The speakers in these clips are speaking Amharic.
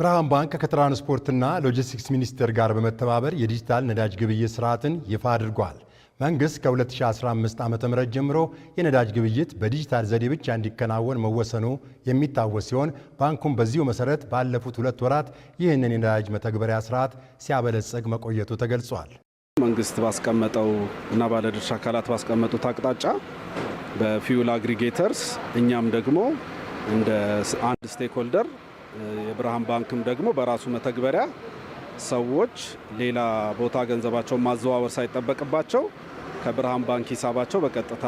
ብርሃን ባንክ ከትራንስፖርትና ሎጂስቲክስ ሚኒስቴር ጋር በመተባበር የዲጂታል ነዳጅ ግብይት ስርዓትን ይፋ አድርጓል። መንግሥት ከ2015 ዓ ም ጀምሮ የነዳጅ ግብይት በዲጂታል ዘዴ ብቻ እንዲከናወን መወሰኑ የሚታወስ ሲሆን ባንኩም በዚሁ መሠረት ባለፉት ሁለት ወራት ይህንን የነዳጅ መተግበሪያ ስርዓት ሲያበለጽግ መቆየቱ ተገልጿል። መንግሥት ባስቀመጠው እና ባለድርሻ አካላት ባስቀመጡት አቅጣጫ በፊውል አግሪጌተርስ እኛም ደግሞ እንደ አንድ ስቴክሆልደር የብርሃን ባንክም ደግሞ በራሱ መተግበሪያ ሰዎች ሌላ ቦታ ገንዘባቸውን ማዘዋወር ሳይጠበቅባቸው ከብርሃን ባንክ ሂሳባቸው በቀጥታ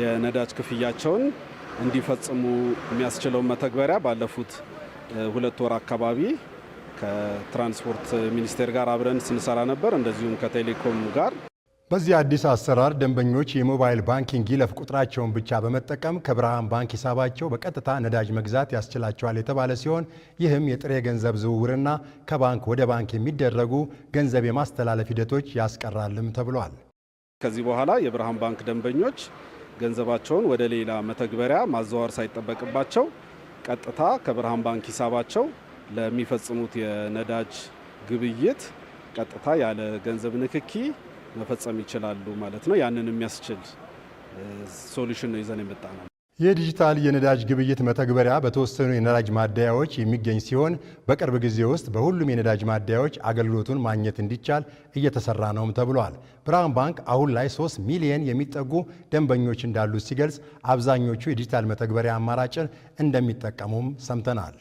የነዳጅ ክፍያቸውን እንዲፈጽሙ የሚያስችለውን መተግበሪያ ባለፉት ሁለት ወር አካባቢ ከትራንስፖርት ሚኒስቴር ጋር አብረን ስንሰራ ነበር። እንደዚሁም ከቴሌኮም ጋር በዚህ አዲስ አሰራር ደንበኞች የሞባይል ባንኪንግ ይለፍ ቁጥራቸውን ብቻ በመጠቀም ከብርሃን ባንክ ሂሳባቸው በቀጥታ ነዳጅ መግዛት ያስችላቸዋል የተባለ ሲሆን ይህም የጥሬ ገንዘብ ዝውውርና ከባንክ ወደ ባንክ የሚደረጉ ገንዘብ የማስተላለፍ ሂደቶች ያስቀራልም ተብሏል። ከዚህ በኋላ የብርሃን ባንክ ደንበኞች ገንዘባቸውን ወደ ሌላ መተግበሪያ ማዘዋወር ሳይጠበቅባቸው ቀጥታ ከብርሃን ባንክ ሂሳባቸው ለሚፈጽሙት የነዳጅ ግብይት ቀጥታ ያለ ገንዘብ ንክኪ መፈጸም ይችላሉ ማለት ነው። ያንን የሚያስችል ሶሉሽን ነው ይዘን የመጣ ነው። የዲጂታል የነዳጅ ግብይት መተግበሪያ በተወሰኑ የነዳጅ ማደያዎች የሚገኝ ሲሆን በቅርብ ጊዜ ውስጥ በሁሉም የነዳጅ ማደያዎች አገልግሎቱን ማግኘት እንዲቻል እየተሰራ ነውም ተብሏል። ብርሃን ባንክ አሁን ላይ 3 ሚሊየን የሚጠጉ ደንበኞች እንዳሉት ሲገልጽ አብዛኞቹ የዲጂታል መተግበሪያ አማራጭን እንደሚጠቀሙም ሰምተናል።